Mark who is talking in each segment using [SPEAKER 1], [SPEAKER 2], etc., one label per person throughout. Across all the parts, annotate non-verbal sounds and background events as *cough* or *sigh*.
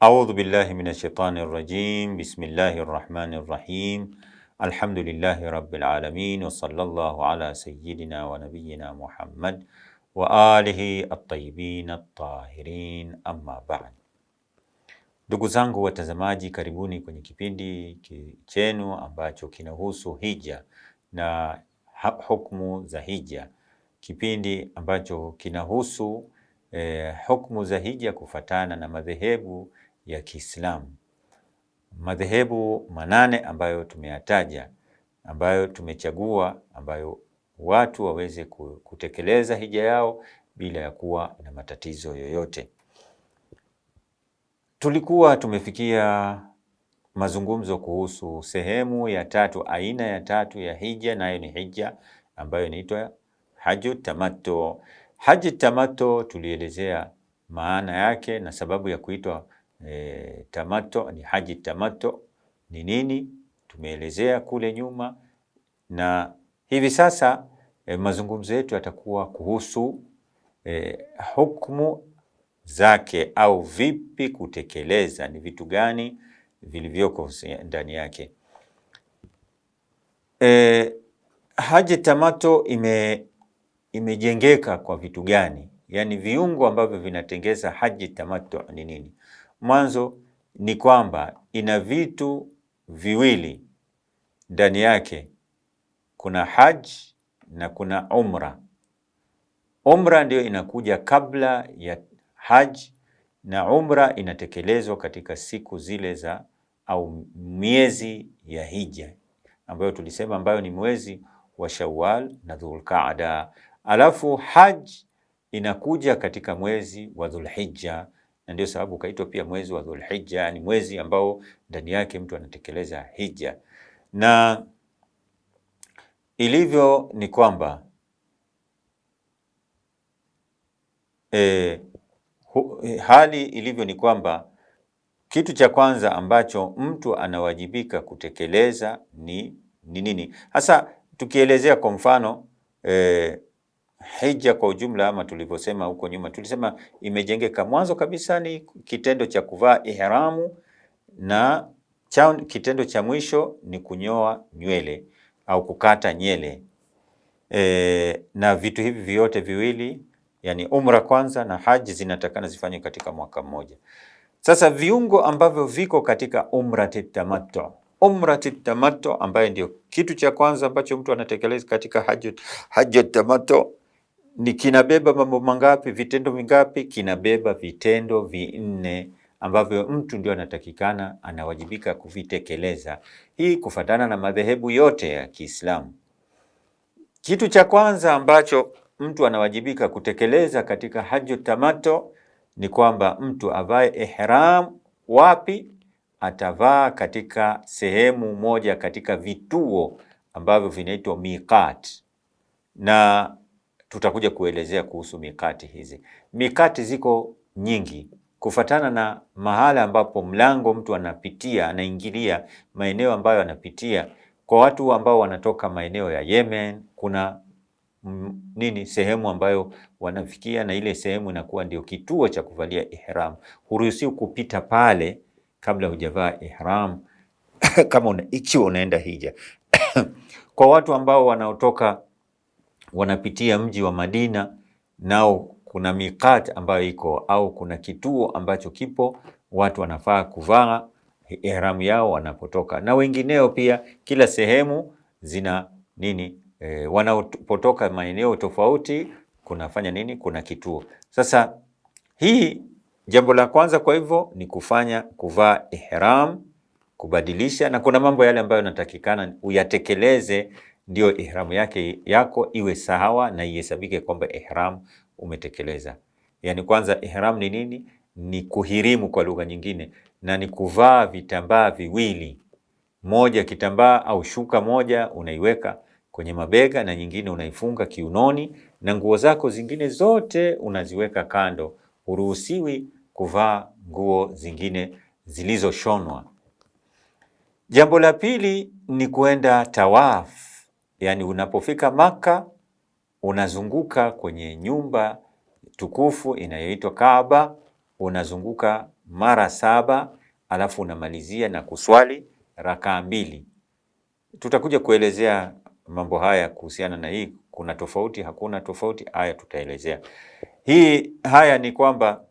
[SPEAKER 1] Audhu billahi minashaitani rajim. Bismillahi rahmani rahim. Alhamdulillahi rabbil alamin wa sallallahu ala sayyidina wa nabiyyina Muhammad wa alihi at-tayyibin at-tahirin, amma ba'd.
[SPEAKER 2] Ndugu zangu watazamaji, karibuni kwenye kipindi chenu ambacho kinahusu hija na hukmu za hija, kipindi ambacho kinahusu eh, hukmu za hija kufatana na madhehebu ya Kiislamu, madhehebu manane ambayo tumeyataja, ambayo tumechagua, ambayo watu waweze kutekeleza hija yao bila ya kuwa na matatizo yoyote. Tulikuwa tumefikia mazungumzo kuhusu sehemu ya tatu, aina ya tatu ya hija, nayo ni hija ambayo inaitwa haju tamato. Haji tamato tulielezea maana yake na sababu ya kuitwa e, tamato ni haji tamato ni nini, tumeelezea kule nyuma, na hivi sasa e, mazungumzo yetu yatakuwa kuhusu e, hukumu zake au vipi kutekeleza, ni vitu gani vilivyoko ndani yake. E, haji tamato ime imejengeka kwa vitu gani? Yaani viungo ambavyo vinatengeza haji tamato ni nini? mwanzo ni kwamba ina vitu viwili ndani yake, kuna haj na kuna umra. Umra ndiyo inakuja kabla ya haj na umra inatekelezwa katika siku zile za au miezi ya hija ambayo tulisema, ambayo ni mwezi wa Shawwal na Dhulqaada. Alafu haj inakuja katika mwezi wa Dhulhijja na ndio sababu ukaitwa pia mwezi wa Dhulhijja, yani mwezi ambao ndani yake mtu anatekeleza hija. Na ilivyo ni kwamba e, hu, e, hali ilivyo ni kwamba kitu cha kwanza ambacho mtu anawajibika kutekeleza ni ni nini hasa? Tukielezea kwa mfano e, hija kwa ujumla, ama tulivyosema huko nyuma, tulisema imejengeka. Mwanzo kabisa ni kitendo cha kuvaa ihramu na cha, kitendo cha mwisho ni kunyoa nywele au kukata nywele e, na vitu hivi vyote viwili yani umra kwanza na haji zinatakana zifanywe katika mwaka mmoja. Sasa viungo ambavyo viko katika umrati tamattu, umrati tamattu ambayo ndio kitu cha kwanza ambacho mtu anatekeleza katika haji tamattu ni kinabeba mambo mangapi, vitendo vingapi? Kinabeba vitendo vinne ambavyo mtu ndio anatakikana anawajibika kuvitekeleza, hii kufatana na madhehebu yote ya Kiislamu. Kitu cha kwanza ambacho mtu anawajibika kutekeleza katika haju tamato ni kwamba mtu avae ihram. Wapi? Atavaa katika sehemu moja katika vituo ambavyo vinaitwa miqat na tutakuja kuelezea kuhusu mikati hizi. Mikati ziko nyingi kufatana na mahala ambapo mlango mtu anapitia, anaingilia maeneo ambayo anapitia. Kwa watu ambao wanatoka maeneo ya Yemen, kuna m, nini sehemu ambayo wanafikia, na ile sehemu inakuwa ndio kituo cha kuvalia ihram. Huruhusiwi kupita pale kabla hujavaa ihram *coughs* kama una, ikiwa unaenda hija *coughs* kwa watu ambao wanaotoka wanapitia mji wa Madina, nao kuna miqat ambayo iko au kuna kituo ambacho kipo, watu wanafaa kuvaa ihramu yao wanapotoka, na wengineo pia. Kila sehemu zina nini e, wanapotoka maeneo tofauti kunafanya nini, kuna kituo. Sasa hii jambo la kwanza, kwa hivyo ni kufanya kuvaa ihram, kubadilisha, na kuna mambo yale ambayo yanatakikana uyatekeleze ndio ihramu yake yako iwe sawa na ihesabike kwamba ihram umetekeleza. Yani kwanza ihram ni nini? Ni kuhirimu kwa lugha nyingine, na ni kuvaa vitambaa viwili, moja kitambaa au shuka moja unaiweka kwenye mabega na nyingine unaifunga kiunoni, na nguo zako zingine zote unaziweka kando. Huruhusiwi kuvaa nguo zingine zilizoshonwa. Jambo la pili ni kwenda tawafu yani unapofika Makka unazunguka kwenye nyumba tukufu inayoitwa Kaaba, unazunguka mara saba, alafu unamalizia na kuswali rakaa mbili. Tutakuja kuelezea mambo haya kuhusiana na hii, kuna tofauti, hakuna tofauti, haya tutaelezea hii. Haya ni kwamba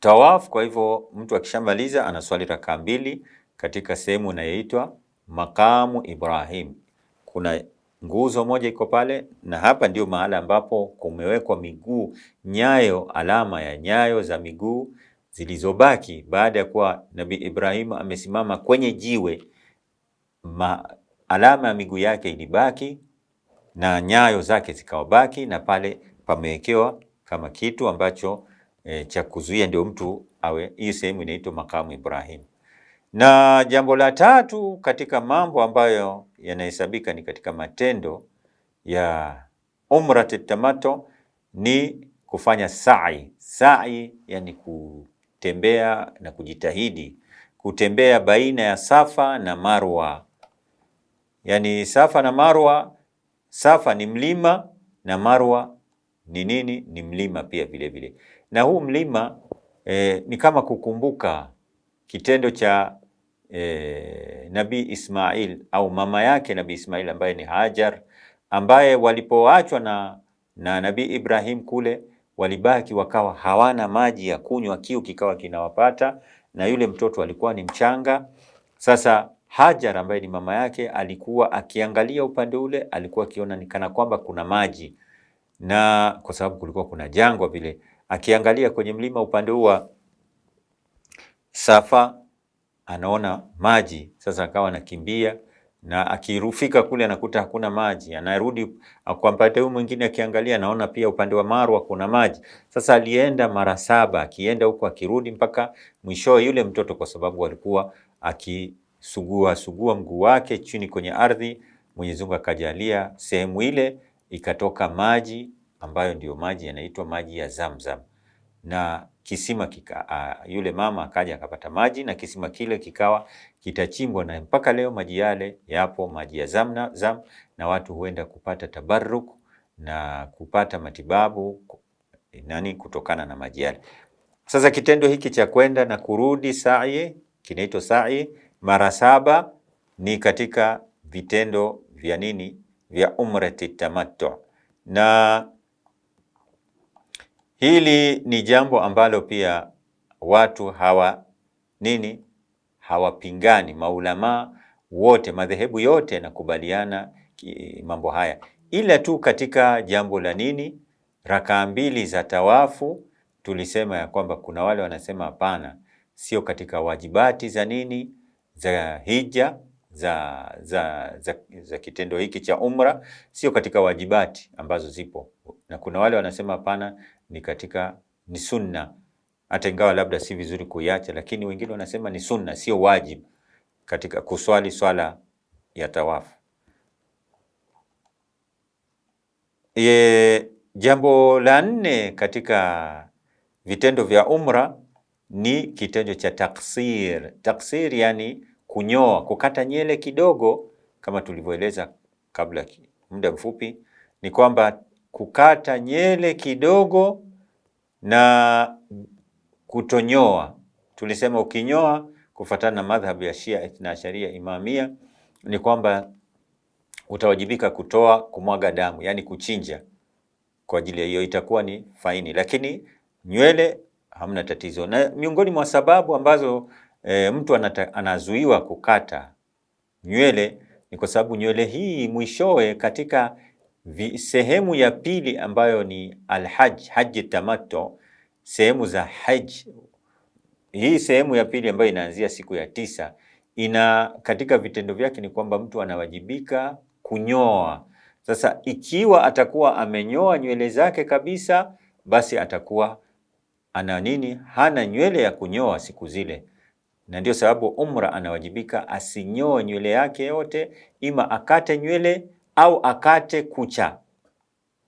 [SPEAKER 2] tawaf, kwa hivyo mtu akishamaliza anaswali rakaa mbili katika sehemu inayoitwa Makamu Ibrahim kuna nguzo moja iko pale, na hapa ndio mahala ambapo kumewekwa miguu, nyayo, alama ya nyayo za miguu zilizobaki baada ya kuwa Nabii Ibrahim amesimama kwenye jiwe ma, alama ya miguu yake ilibaki na nyayo zake zikawabaki, na pale pamewekewa kama kitu ambacho e, cha kuzuia ndio mtu awe. Hii sehemu inaitwa makamu Ibrahim. Na jambo la tatu katika mambo ambayo yanahesabika ni katika matendo ya umrat tamato ni kufanya sa'i. Sa'i yani kutembea na kujitahidi, kutembea baina ya Safa na Marwa. Yani Safa na Marwa, Safa ni mlima na Marwa ni nini? Ni mlima pia vile vile, na huu mlima eh, ni kama kukumbuka kitendo cha e, Nabii Ismail au mama yake Nabii Ismail ambaye ni Hajar, ambaye walipoachwa na, na Nabii Ibrahim kule walibaki wakawa hawana maji ya kunywa, kiu kikawa kinawapata, na yule mtoto alikuwa ni mchanga. Sasa Hajar ambaye ni mama yake alikuwa akiangalia upande ule, alikuwa akiona ni kana kwamba kuna maji, na kwa sababu kulikuwa kuna jangwa vile, akiangalia kwenye mlima upande wa Safa anaona maji, sasa akawa anakimbia na akirufika kule anakuta hakuna maji, anarudi kwa upande huu mwingine, akiangalia anaona pia upande wa Marwa kuna maji. Sasa alienda mara saba, akienda huko akirudi, mpaka mwisho yule mtoto, kwa sababu alikuwa akisugua sugua mguu wake chini kwenye ardhi, Mwenyezi Mungu akajalia sehemu ile ikatoka maji ambayo ndiyo maji yanaitwa maji ya Zamzam na kisima kika, a, yule mama akaja akapata maji na kisima kile kikawa kitachimbwa, na mpaka leo maji yale yapo, maji ya zam na, zam, na watu huenda kupata tabarruk na kupata matibabu nani kutokana na maji yale. Sasa kitendo hiki cha kwenda na kurudi sa'i kinaitwa sa'i mara saba ni katika vitendo vya nini vya umrati tamattu na Hili ni jambo ambalo pia watu hawa nini hawapingani. Maulamaa wote madhehebu yote yanakubaliana mambo haya, ila tu katika jambo la nini rakaa mbili za tawafu tulisema ya kwamba kuna wale wanasema hapana, sio katika wajibati za nini za hija za, za, za, za kitendo hiki cha umra, sio katika wajibati ambazo zipo, na kuna wale wanasema hapana, ni katika ni sunna, hata ingawa labda si vizuri kuiacha, lakini wengine wanasema ni sunna, sio wajib katika kuswali swala ya tawafu. E, jambo la nne katika vitendo vya umra ni kitendo cha taksir. Taksir yani kunyoa, kukata nyele kidogo, kama tulivyoeleza kabla muda mfupi, ni kwamba kukata nyele kidogo na kutonyoa. Tulisema ukinyoa, kufuatana na madhhabu ya Shia Ithna Asharia Imamia, ni kwamba utawajibika kutoa kumwaga damu, yani kuchinja. Kwa ajili ya hiyo itakuwa ni faini, lakini nywele hamna tatizo. Na miongoni mwa sababu ambazo e, mtu anata, anazuiwa kukata nywele ni kwa sababu nywele hii mwishowe katika vi, sehemu ya pili ambayo ni alhaj haji tamato, sehemu za haj Hii sehemu ya pili ambayo inaanzia siku ya tisa ina katika vitendo vyake ni kwamba mtu anawajibika kunyoa. Sasa ikiwa atakuwa amenyoa nywele zake kabisa, basi atakuwa ana nini? Hana nywele ya kunyoa siku zile, na ndio sababu umra anawajibika asinyoe nywele yake yote, ima akate nywele au akate kucha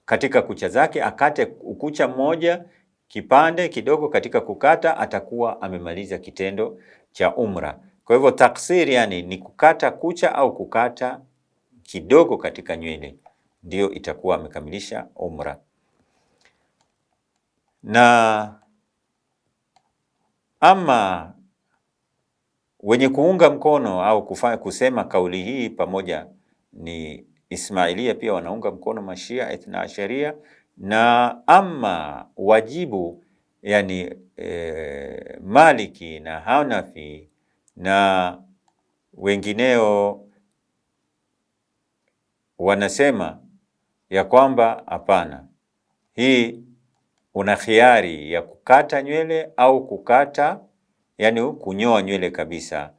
[SPEAKER 2] katika kucha zake, akate ukucha mmoja kipande kidogo katika kukata, atakuwa amemaliza kitendo cha umra. Kwa hivyo taksir, yani ni kukata kucha au kukata kidogo katika nywele, ndio itakuwa amekamilisha umra. Na ama wenye kuunga mkono au kufanya, kusema kauli hii pamoja ni Ismailia pia wanaunga mkono Mashia Ithna Asharia, na ama wajibu yani e, Maliki na Hanafi na wengineo wanasema ya kwamba hapana, hii una khiari ya kukata nywele au kukata yani kunyoa nywele kabisa,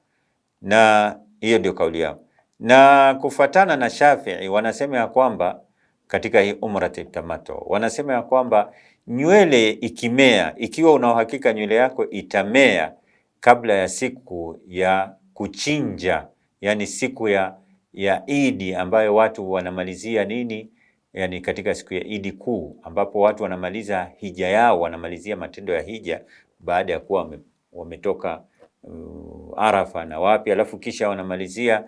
[SPEAKER 2] na hiyo ndio kauli yao. Na kufatana na Shafi'i wanasema ya kwamba katika hii umrat tamato, wanasema ya kwamba nywele ikimea, ikiwa una uhakika nywele yako itamea kabla ya siku ya kuchinja, yani siku ya ya Idi ambayo watu wanamalizia nini, yani katika siku ya Idi kuu ambapo watu wanamaliza hija yao, wanamalizia matendo ya hija baada ya kuwa wametoka uh, Arafa na wapi, alafu kisha wanamalizia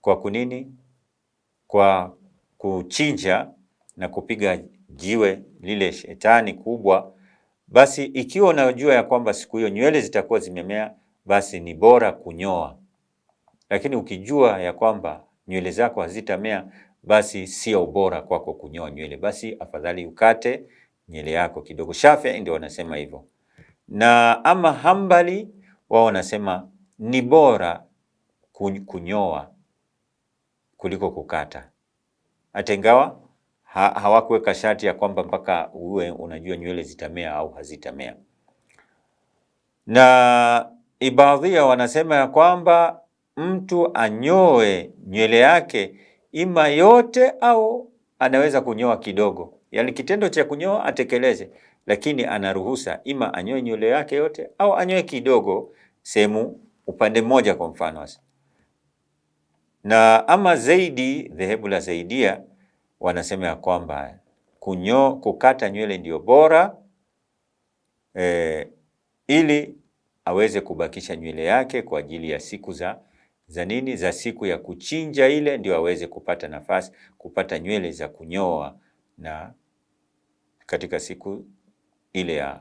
[SPEAKER 2] kwa kunini, kwa kuchinja na kupiga jiwe lile shetani kubwa, basi ikiwa unajua ya kwamba siku hiyo nywele zitakuwa zimemea, basi ni bora kunyoa. Lakini ukijua ya kwamba nywele zako hazitamea, basi sio bora kwako kunyoa nywele, basi afadhali ukate nywele yako kidogo. Shafii ndio wanasema hivyo, na ama Hambali wao wanasema ni bora kunyoa kuliko kukata, hata ingawa ha hawakuweka sharti ya kwamba mpaka uwe unajua nywele zitamea au hazitamea. Na ibadhia wanasema ya kwamba mtu anyoe nywele yake ima yote au anaweza kunyoa kidogo, yaani kitendo cha kunyoa atekeleze, lakini anaruhusa ima anyoe nywele yake yote au anyoe kidogo sehemu upande mmoja, kwa mfano hasa na ama zaidi, dhehebu la Zaidia wanasema ya kwamba kunyo, kukata nywele ndio bora e, ili aweze kubakisha nywele yake kwa ajili ya siku za za nini za siku ya kuchinja ile, ndio aweze kupata nafasi kupata nywele za kunyoa na katika siku ile ya,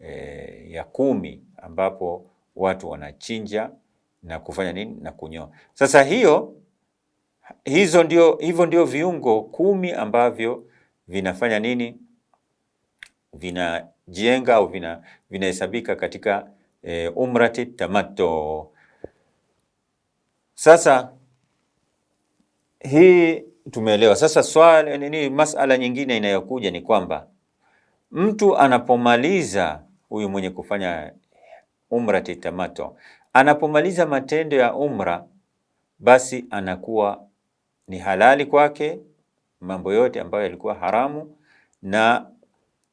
[SPEAKER 2] e, ya kumi ambapo watu wanachinja na kufanya nini na kunyoa. Sasa hiyo hizo ndio, hivyo ndio viungo kumi ambavyo vinafanya nini, vinajenga au vinahesabika katika e, umrati tamato. Sasa hii tumeelewa. Sasa swali nini, masala nyingine inayokuja ni kwamba mtu anapomaliza huyu mwenye kufanya umrati tamato anapomaliza matendo ya umra, basi anakuwa ni halali kwake mambo yote ambayo yalikuwa haramu, na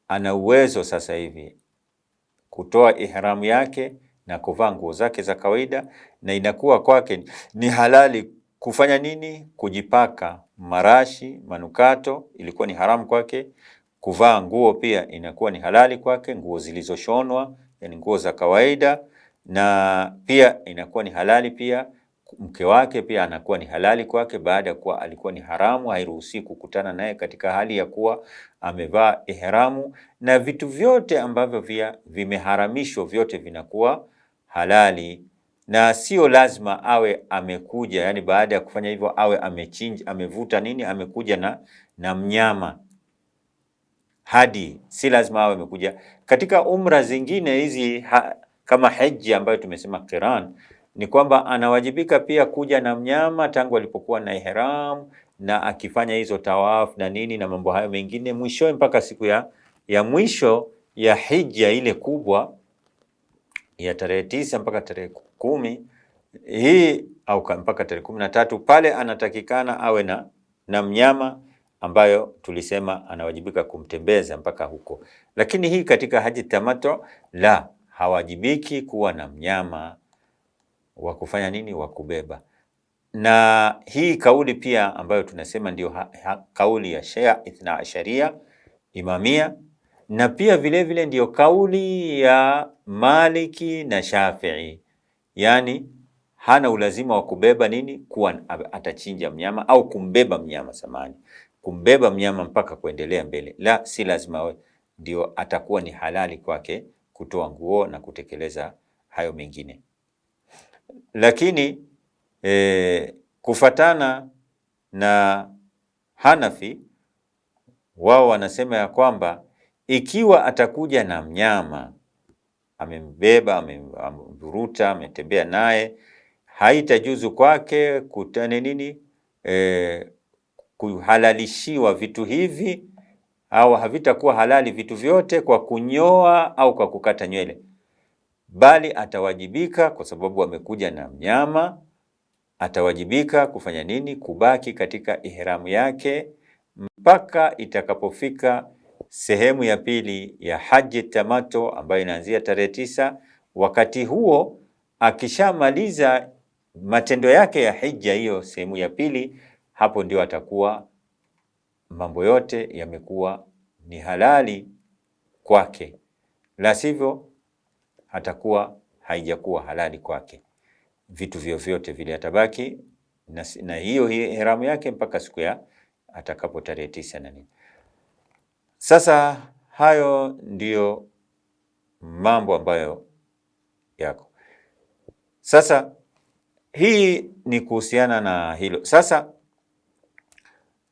[SPEAKER 2] ana uwezo sasa hivi kutoa ihramu yake na kuvaa nguo zake za kawaida, na inakuwa kwake ni halali kufanya nini? Kujipaka marashi manukato, ilikuwa ni haramu kwake. Kuvaa nguo pia inakuwa ni halali kwake, nguo zilizoshonwa, yani nguo za kawaida, na pia inakuwa ni halali pia mke wake pia anakuwa ni halali kwake baada ya kuwa alikuwa ni haramu, hairuhusi kukutana naye katika hali ya kuwa amevaa ihramu, na vitu vyote ambavyo pia vimeharamishwa vyote vinakuwa halali na sio lazima awe amekuja, yani baada ya kufanya hivyo awe amechinja, amevuta nini, amekuja na, na mnyama hadi, si lazima awe amekuja katika umra zingine hizi ha, kama heji ambayo tumesema qiran ni kwamba anawajibika pia kuja na mnyama tangu alipokuwa na ihram na akifanya hizo tawaf na nini na mambo hayo mengine, mwishowe mpaka siku ya, ya mwisho ya hija ile kubwa ya tarehe tisa mpaka tarehe kumi hii au mpaka tarehe kumi na tatu pale anatakikana awe na, na mnyama ambayo tulisema anawajibika kumtembeza mpaka huko, lakini hii katika haji tamato la hawajibiki kuwa na mnyama wa kufanya nini, wa kubeba. Na hii kauli pia ambayo tunasema ndio ha, ha, kauli ya Shia Ithna Asharia Imamia, na pia vilevile vile ndio kauli ya Maliki na Shafii, yani hana ulazima wa kubeba nini, kuwa atachinja mnyama au kumbeba mnyama, samani kumbeba mnyama mpaka kuendelea mbele, la si lazima we, ndio atakuwa ni halali kwake kutoa nguo na kutekeleza hayo mengine. Lakini e, kufatana na Hanafi wao wanasema ya kwamba ikiwa atakuja na mnyama amembeba, amemvuruta, ametembea naye, haitajuzu kwake kutane nini e, kuhalalishiwa vitu hivi au havitakuwa halali vitu vyote kwa kunyoa au kwa kukata nywele bali atawajibika kwa sababu amekuja na mnyama, atawajibika kufanya nini? Kubaki katika ihramu yake mpaka itakapofika sehemu ya pili ya haji tamato ambayo inaanzia tarehe tisa. Wakati huo akishamaliza matendo yake ya hija, hiyo sehemu ya pili, hapo ndio atakuwa mambo yote yamekuwa ni halali kwake, la sivyo hatakuwa haijakuwa halali kwake, vitu vyovyote vile atabaki na, na hiyo haramu yake mpaka siku ya atakapo tarehe tisa na nini. Sasa hayo ndiyo mambo ambayo yako sasa. Hii ni kuhusiana na hilo. Sasa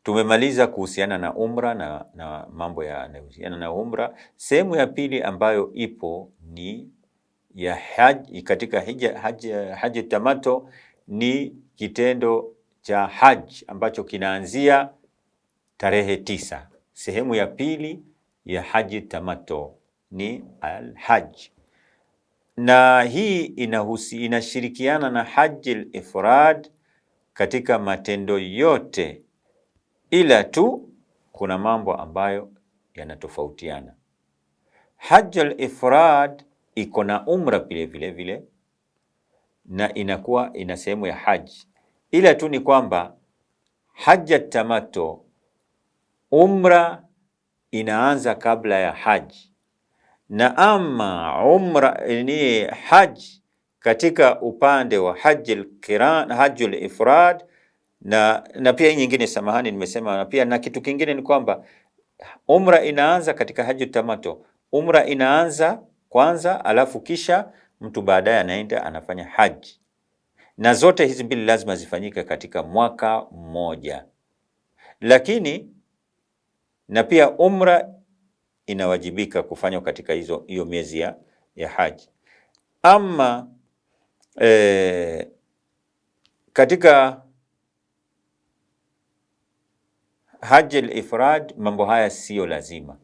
[SPEAKER 2] tumemaliza kuhusiana na umra na, na mambo yanayohusiana na umra. Sehemu ya pili ambayo ipo ni ya haj, katika haji tamato ni kitendo cha haji ambacho kinaanzia tarehe tisa. Sehemu ya pili ya haji tamato ni alhaj, na hii inahusi, inashirikiana na haji al-ifrad katika matendo yote, ila tu kuna mambo ambayo yanatofautiana. Haji al-ifrad iko na umra vile vile vile na inakuwa ina sehemu ya haji, ila tu ni kwamba haja tamato, umra inaanza kabla ya haji, na ama umra ni haji katika upande wa haji kiran qiran ifrad na, na pia hii nyingine, samahani, nimesema na pia na kitu kingine ni kwamba umra inaanza katika haji tamato, umra inaanza kwanza, alafu kisha mtu baadaye anaenda anafanya haji, na zote hizi mbili lazima zifanyike katika mwaka mmoja. Lakini na pia umra inawajibika kufanywa katika hizo hiyo miezi ya, ya haji. Ama e, katika haji al-ifrad mambo haya siyo lazima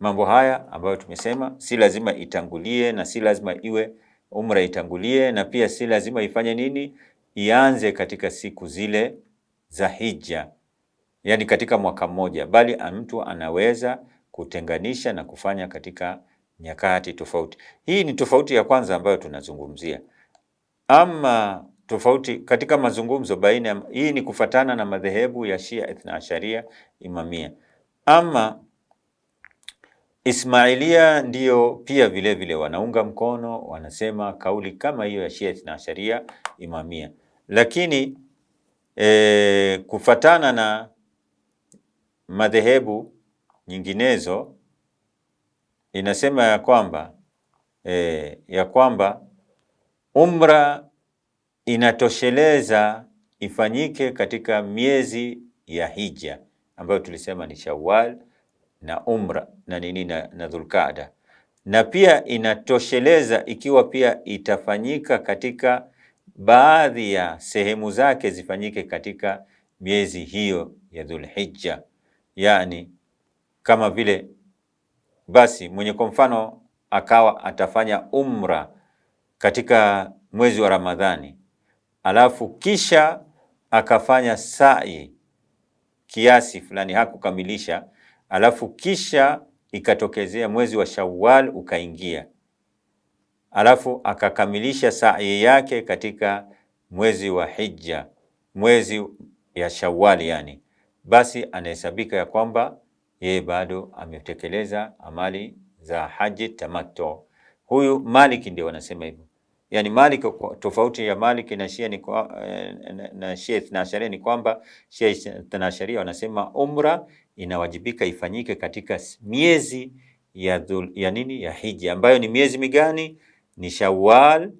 [SPEAKER 2] mambo haya ambayo tumesema, si lazima itangulie na si lazima iwe umra itangulie, na pia si lazima ifanye nini, ianze katika siku zile za hija, yani katika mwaka mmoja, bali mtu anaweza kutenganisha na kufanya katika nyakati tofauti. Hii ni tofauti ya kwanza ambayo tunazungumzia. Ama tofauti katika mazungumzo baina, hii ni kufatana na madhehebu ya Shia Ithna Asharia Imamia. Ama Ismailia ndiyo pia vilevile vile wanaunga mkono, wanasema kauli kama hiyo ya Shia na Sharia Imamia, lakini e, kufatana na madhehebu nyinginezo inasema ya kwamba e, ya kwamba umra inatosheleza ifanyike katika miezi ya hija ambayo tulisema ni Shawwal na umra na nini na, na Dhulqaada, na pia inatosheleza ikiwa pia itafanyika katika baadhi ya sehemu zake zifanyike katika miezi hiyo ya Dhulhijja, yani kama vile basi mwenye kwa mfano akawa atafanya umra katika mwezi wa Ramadhani alafu kisha akafanya sa'i kiasi fulani, hakukamilisha alafu kisha ikatokezea mwezi wa Shawwal ukaingia, alafu akakamilisha sa'i yake katika mwezi wa Hija, mwezi ya Shawwal yani, basi anahesabika ya kwamba yeye bado ametekeleza amali za haji tamattu. Huyu Malik ndio wanasema hivyo, yani Malik, Tofauti ya Malik na Shia ni kwa, eh, na Shia Ithna Ashari ni kwamba Shia Ithna Ashari wanasema umra inawajibika ifanyike katika miezi ya, dhul, ya nini ya hija ambayo ni miezi migani? Ni Shawwal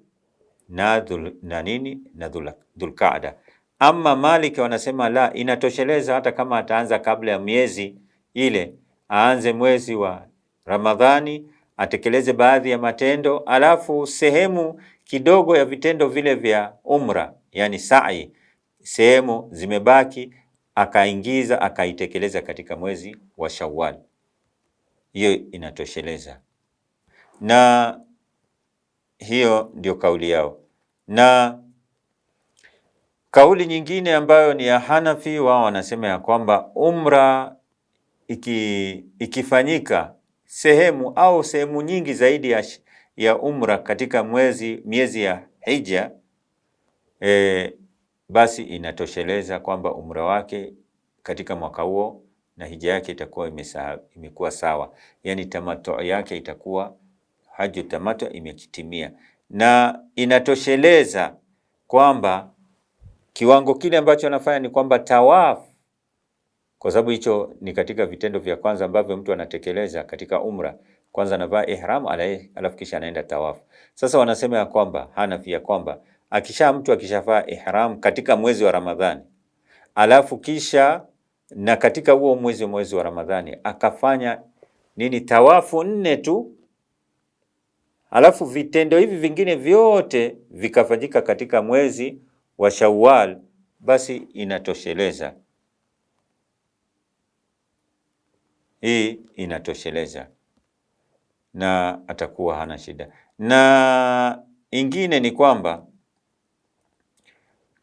[SPEAKER 2] na dhul, na nini na Dhulqaada ama Maliki wanasema la, inatosheleza hata kama ataanza kabla ya miezi ile, aanze mwezi wa Ramadhani, atekeleze baadhi ya matendo, alafu sehemu kidogo ya vitendo vile vya umra, yani sa'i, sehemu zimebaki akaingiza akaitekeleza katika mwezi wa Shawwal, hiyo inatosheleza. Na hiyo ndio kauli yao, na kauli nyingine ambayo ni ya Hanafi, wao wanasema ya kwamba umra iki, ikifanyika sehemu au sehemu nyingi zaidi ya, ya umra katika mwezi miezi ya hija e, eh, basi inatosheleza kwamba umra wake katika mwaka huo na hija yake itakuwa imekuwa sawa, yani tamato yake itakuwa haju tamato imekitimia, na inatosheleza kwamba kiwango kile ambacho anafanya ni kwamba tawaf, kwa sababu hicho ni katika vitendo vya kwanza ambavyo mtu anatekeleza katika umra. Kwanza anavaa ihram, alafu kisha anaenda tawaf. Sasa wanasema ya kwamba Hanafi ya kwamba akisha mtu akishavaa ihram katika mwezi wa Ramadhani alafu kisha na katika huo mwezi mwezi wa Ramadhani akafanya nini tawafu nne tu, alafu vitendo hivi vingine vyote vikafanyika katika mwezi wa Shawwal, basi inatosheleza hii inatosheleza, na atakuwa hana shida. Na ingine ni kwamba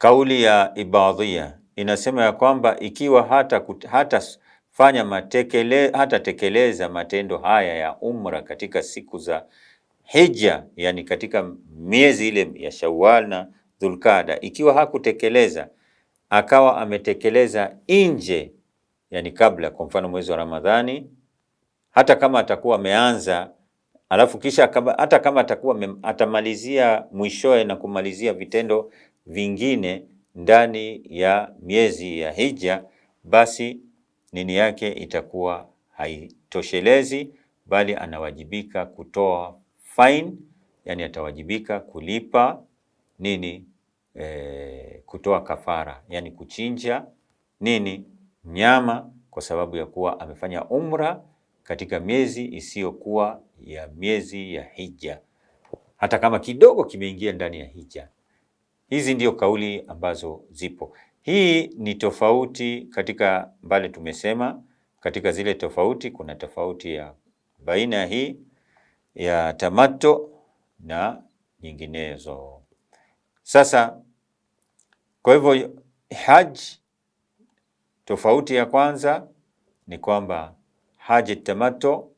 [SPEAKER 2] Kauli ya Ibadhia inasema ya kwamba ikiwa hata, hata fanya matekele, hata tekeleza matendo haya ya umra katika siku za hija, yani katika miezi ile ya Shawwal na Dhulqaada, ikiwa hakutekeleza akawa ametekeleza nje, yani kabla, kwa mfano mwezi wa Ramadhani, hata kama atakuwa ameanza alafu kisha hata kama atakuwa atamalizia mwishoe na kumalizia vitendo vingine ndani ya miezi ya hija, basi nini yake itakuwa haitoshelezi, bali anawajibika kutoa fine, yani atawajibika kulipa nini e, kutoa kafara, yani kuchinja nini mnyama kwa sababu ya kuwa amefanya umra katika miezi isiyokuwa ya miezi ya hija, hata kama kidogo kimeingia ndani ya hija. Hizi ndio kauli ambazo zipo. Hii ni tofauti katika mbali, tumesema katika zile tofauti, kuna tofauti ya baina hii ya tamato na nyinginezo. Sasa kwa hivyo haji, tofauti ya kwanza ni kwamba haji tamato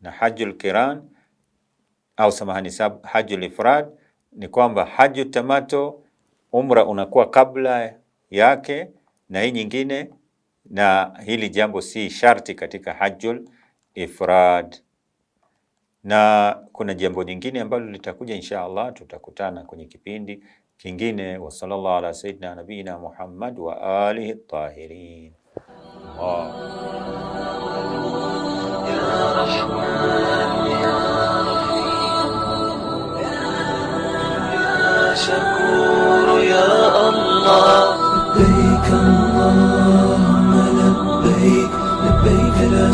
[SPEAKER 2] na hajul kiran au samahani, hajul ifrad ni kwamba haju tamato, umra unakuwa kabla yake na hii nyingine, na hili jambo si sharti katika hajjul ifrad. Na kuna jambo jingine ambalo litakuja insha Allah, tutakutana kwenye kipindi kingine. Wa sallallahu ala sayyidina nabiyina Muhammad wa alihi tahirin Allah.